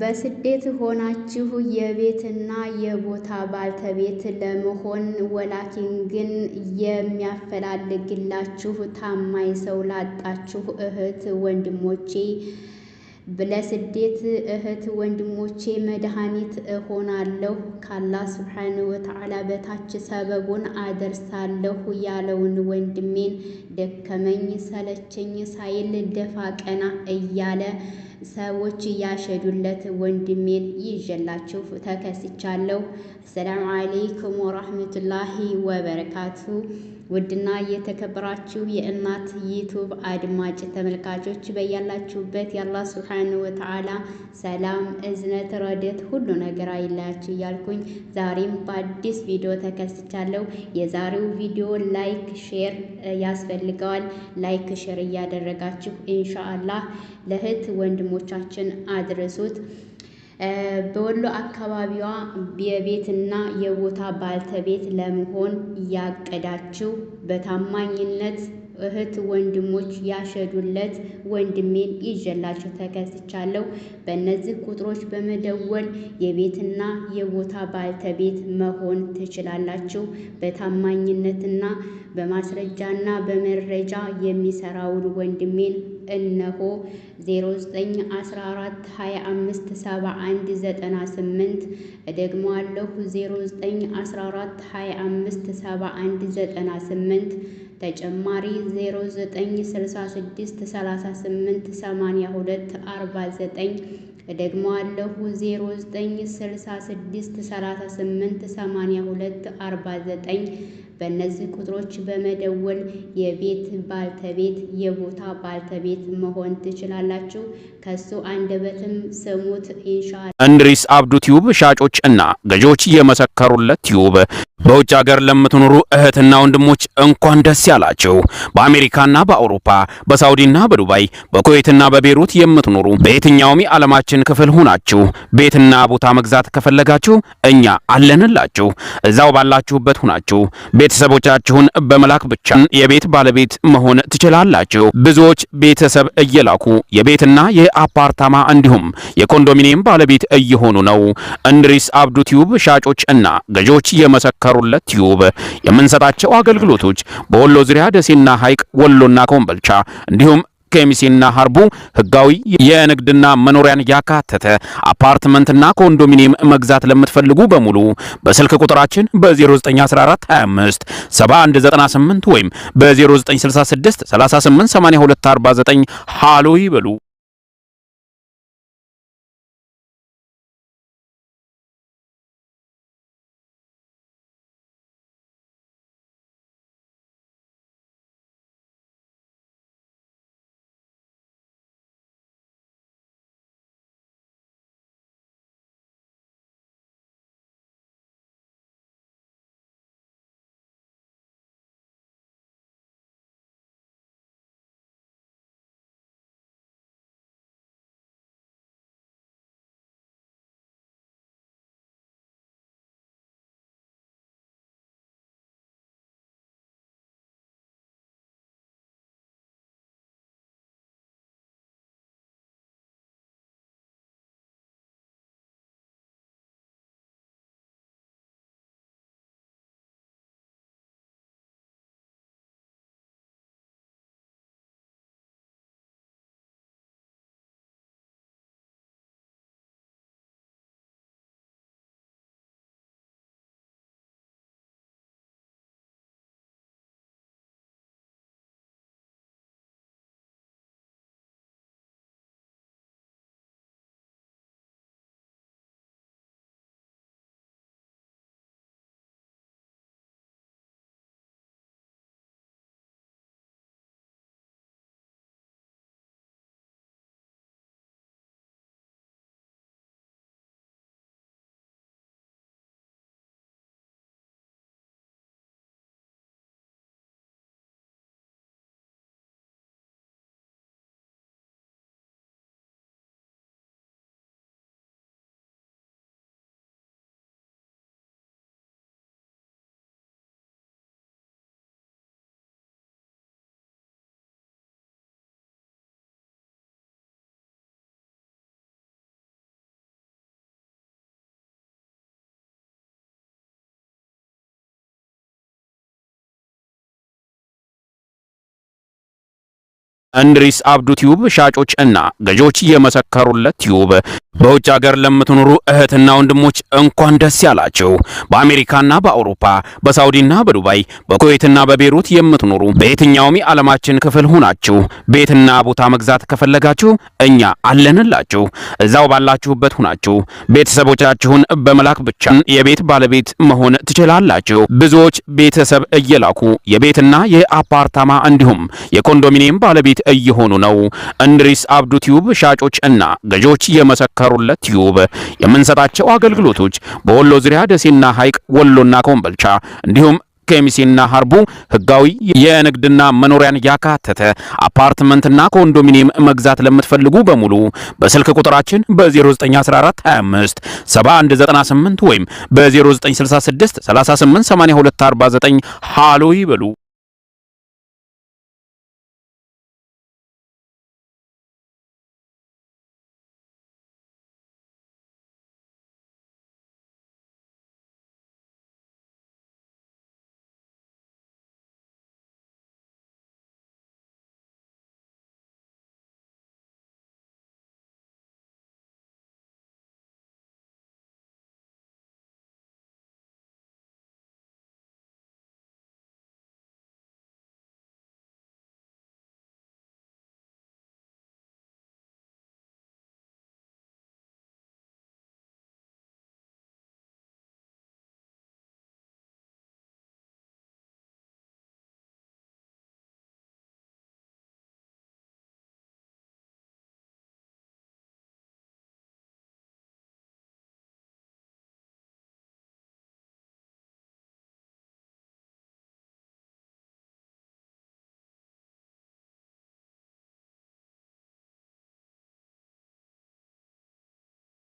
በስደት ሆናችሁ የቤትና የቦታ ባልተቤት ለመሆን ወላኪን ግን የሚያፈላልግላችሁ ታማኝ ሰው ላጣችሁ እህት ወንድሞቼ ለስደት እህት ወንድሞቼ መድኃኒት እሆናለሁ ካላ ስብሓን ወተዓላ በታች ሰበቡን አደርሳለሁ ያለውን ወንድሜን ደከመኝ ሰለቸኝ ሳይል ደፋ ቀና እያለ ሰዎች እያሸዱለት ወንድሜን ይዤላችሁ ተከስቻለሁ። አሰላሙ አሌይኩም ወራህመቱላሂ ወበረካቱ። ውድና የተከበራችሁ የእናት ዩቱብ አድማጭ ተመልካቾች በያላችሁበት የአላ ስብሓን ወተዓላ ሰላም፣ እዝነት፣ ረደት ሁሉ ነገር አይለያችሁ እያልኩኝ ዛሬም በአዲስ ቪዲዮ ተከስቻለሁ። የዛሬው ቪዲዮ ላይክ ሼር ያስፈልገዋል። ላይክ ሼር እያደረጋችሁ ኢንሻአላህ ለእህት ወንድም ወንድሞቻችን አድርሱት። በወሎ አካባቢዋ የቤትና የቦታ ባልተቤት ለመሆን ያቀዳችሁ በታማኝነት እህት ወንድሞች ያሸዱለት ወንድሜን ይዤላችሁ ተከስቻለሁ። በእነዚህ ቁጥሮች በመደወል የቤትና የቦታ ባልተቤት መሆን ትችላላችሁ። በታማኝነትና በማስረጃና በመረጃ የሚሰራውን ወንድሜን እነሆ 0914257198 እደግመዋለሁ 0914257198 ተጨማሪ 0966388249 ደግሞ አለሁ 0966388249 በእነዚህ ቁጥሮች በመደወል የቤት ባልተቤት የቦታ ባልተቤት መሆን ትችላላችሁ። ከሱ አንደበትም ስሙት። ኢንሻአላ እንድሪስ አብዱ ቲዩብ ሻጮች እና ገዢዎች የመሰከሩለት ቲዩብ በውጭ ሀገር ለምትኖሩ እህትና ወንድሞች እንኳን ደስ ያላችሁ። በአሜሪካና በአውሮፓ በሳውዲና በዱባይ በኩዌትና በቤሩት የምትኖሩ በየትኛውም የዓለማችን ክፍል ሆናችሁ ቤትና ቦታ መግዛት ከፈለጋችሁ እኛ አለንላችሁ። እዛው ባላችሁበት ሁናችሁ ቤተሰቦቻችሁን በመላክ ብቻ የቤት ባለቤት መሆን ትችላላችሁ። ብዙዎች ቤተሰብ እየላኩ የቤትና የአፓርታማ እንዲሁም የኮንዶሚኒየም ባለቤት እየሆኑ ነው። እንድሪስ አብዱ ቲዩብ ሻጮች እና ገዢዎች የመሰከ ለመሰከሩለት ዩብ የምንሰጣቸው አገልግሎቶች በወሎ ዙሪያ ደሴና ሐይቅ፣ ወሎና ኮምበልቻ እንዲሁም ከሚሴና ሀርቡ ህጋዊ የንግድና መኖሪያን ያካተተ አፓርትመንትና ኮንዶሚኒየም መግዛት ለምትፈልጉ በሙሉ በስልክ ቁጥራችን በ0914257198 ወይም በ0966388249 ሃሎ ይበሉ። እንድሪስ አብዱ ቲዩብ ሻጮች እና ገዢዎች የመሰከሩለት ቲዩብ በውጭ ሀገር ለምትኖሩ እህትና ወንድሞች እንኳን ደስ ያላችሁ። በአሜሪካና በአውሮፓ በሳውዲና በዱባይ በኩዌትና በቤሩት የምትኖሩ በየትኛውም የዓለማችን ክፍል ሁናችሁ ቤትና ቦታ መግዛት ከፈለጋችሁ እኛ አለንላችሁ። እዛው ባላችሁበት ሁናችሁ ቤተሰቦቻችሁን በመላክ ብቻ የቤት ባለቤት መሆን ትችላላችሁ። ብዙዎች ቤተሰብ እየላኩ የቤትና የአፓርታማ እንዲሁም የኮንዶሚኒየም ባለቤት ባለቤት እየሆኑ ነው። እንድሪስ አብዱ ቲዩብ ሻጮች እና ገዢዎች የመሰከሩለት ቲዩብ የምንሰጣቸው አገልግሎቶች በወሎ ዙሪያ ደሴና ሐይቅ፣ ወሎና ኮምበልቻ እንዲሁም ኬሚሴና ሀርቡ ህጋዊ የንግድና መኖሪያን ያካተተ አፓርትመንትና ኮንዶሚኒየም መግዛት ለምትፈልጉ በሙሉ በስልክ ቁጥራችን በ091425 7198 ወይም በ0966 ሃሎ ይበሉ።